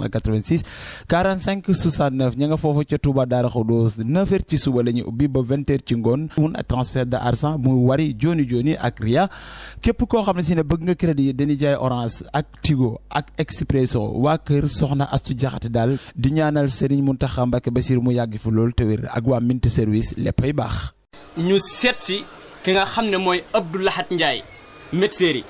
386 45 69 ña nga foofu ca Touba Daara Khoudous 9h ci suba la ñu ubbi ba 20 ci ngoon mun de argent muy wari joni joni ak ria képp koo xam ne si ne bëgg nga crédit da jaay orange ak tigo ak expresso waa kër soxna astu jaxate daal di ñaanal Serigne Mountakha Mbacké Bassir mu yàgg fi loolu te wér ak waa Mint service léppay baax ñu seet si ki nga xam ne mooy Abdou Lahad njaay médecin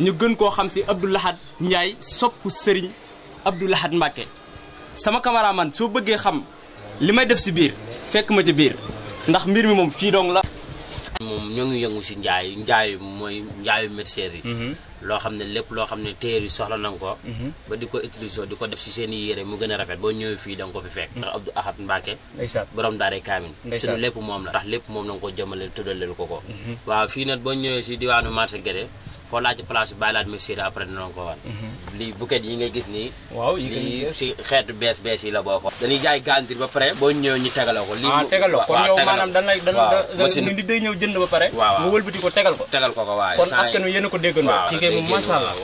ñu gën koo xam si Abdou Lahad Ndiaye sopp Serigne Abdou Lahad Mbacké sama cameraman soo bëggee xam li may def si biir fekk ma ci biir ndax mbir mi moom fii dong la. moom ñoo ngi yëngu si njaay njaay mooy njaayu mercerie yi. Mhm. loo xam ne lépp loo xam ne téer yi soxla nañ ko. Mhm. ba ko di ko def si seen i mu gën a boo ñëwee fii da nga ko fi fekk. ndax Abdou Ahad Mbacke. ndeysaan borom daaree Kaamin. ndeysaan suñu lépp moom la. ndax lépp moom na nga ko jëmale tuddaleel ko ko. Mhm. waaw fii nag boo ñëwee si diwaanu marché Guédé. foo laaj place bi bàyyi laaj ma siira après dinañ ko wan. Mhm. lii buket yi ngay gis nii. waaw lii si xeetu bees bees yi la boo ko. dañuy jaay gantir ba pare boo ñëwee ñu tegaloo ko. lii ah, mu waaw tegaloo kon yow maanaam dañ lay. machine nit day ñëw jënd ba pare. waaw wëlbati ko tegal ko. tegal ko ko waaye. kon askan wi yéen a ko déggandoo. waaw léegi moom macha allah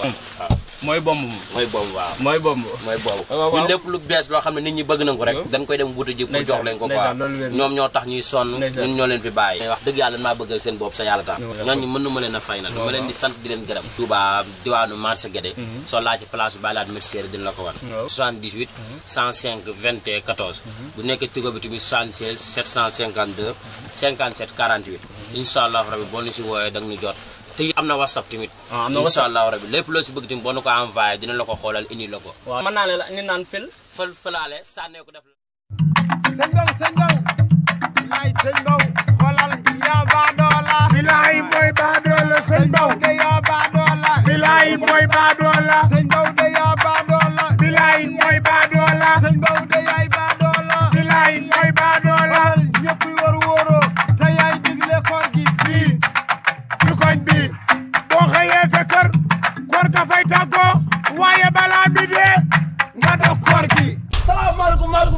mooy bomb mooy bomb waaw mooy bomb mooy bomb ah, ñun lépp lu bees loo xam ne nit ñi bëgg nañ ko rek dañ koy dem wuta ji pour jox leen ko quoi ñoom ñoo tax ñuy sonn ñun ñoo leen fi bàyyi wax dëgg yàlla maa bëgg seen bopp sa yàlla tax ñooñu mën nu ma leen a fay nag ma leen di sant di leen gërëm Touba diwaanu marché Guédé mhm. soo laa ci place bi balaat mercier dina la ko wan 78 105 21 14 bu nekkee Tigo bi tamit 76 752 57 48 incha allah rabi boo ñu si wooyee da nga ñu jot te am na whatsapp tamit. ah am na whatsapp allahu rabi lépp loo si bëgg tamit boo na ko envoyé dina la ko xoolal indi la ko. waaw mën naa leen indi naan fil. fël fëlaale sànnee ko def. sëñ Ndao sëñ Ndao.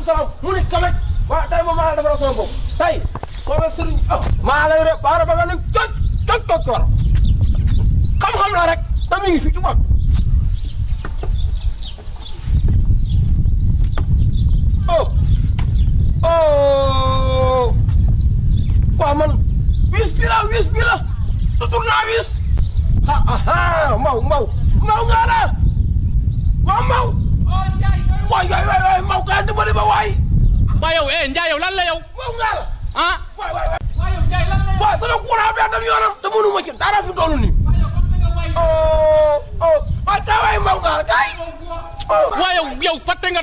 salaam mu ne kamet waaw tey moom maa la defaral sama bopp tey soobee sëriñ ah maa lay ba nga ne coj coj coj cor xam-xam la rek te mi ngi fi ci bopp oh oh waaw man wis bi la la wis ah ah ah mbaw yow eh Ndiaye yow lan la yow. moom ngaa la. ah.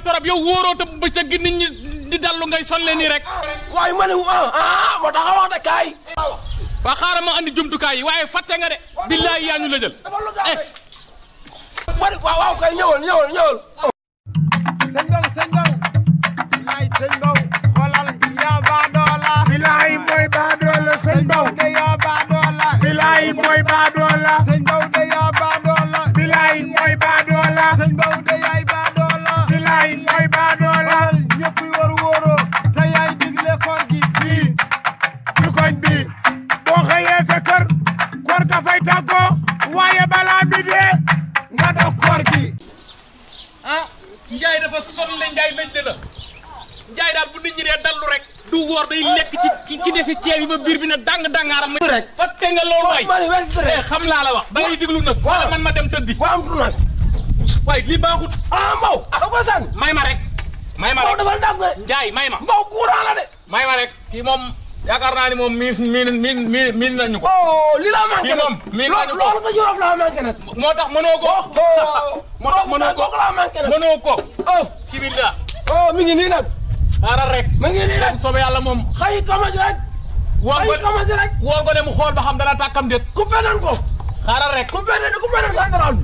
torop yow wóoroo te bëccëg dallu ngay sonle nii rek. Ah. waaye ma ne ah ah moo tax a wax de kaay. Ah. waaw xaaral ma andi jumtukaay yi waaye fàtte nga de. billaay yaa ñu la jël. Eh. waaw waaw kay ñëwal ñëwal ñëwal. Ah. war kii ah Ndiaye dafa sonn le Ndiaye lëj la Ndiaye daal bu nit ñi du woor day lekk ci ci desi ceeb yi ba biir bi ne dang dangaara ma rek fatte nga loolu waay eh, xam laa la wax da diglu nag wala man ma dem tëddi wa am tournage waaye lii baaxut a ah, Mbow ah, da ko may ma rek may ma rek Mbow may ma may ma rek kii moom yaakaar naa ni moom miin miin miin miin nañu ko. oh li la manqué nag kii moom loolu moo tax mënoo ko. moo tax mënoo ko mënoo ko. oh sibilaa. oh mi ngi nii nag. xaaral rek. mi ngi nii nag soobee yàlla moom. xëy kamas rek. woor ko rek. woor ko ne mu xool ba xam dana tàkkam déet. ku feneen ko. xaaral rek. ku feneen ku feneen central bi.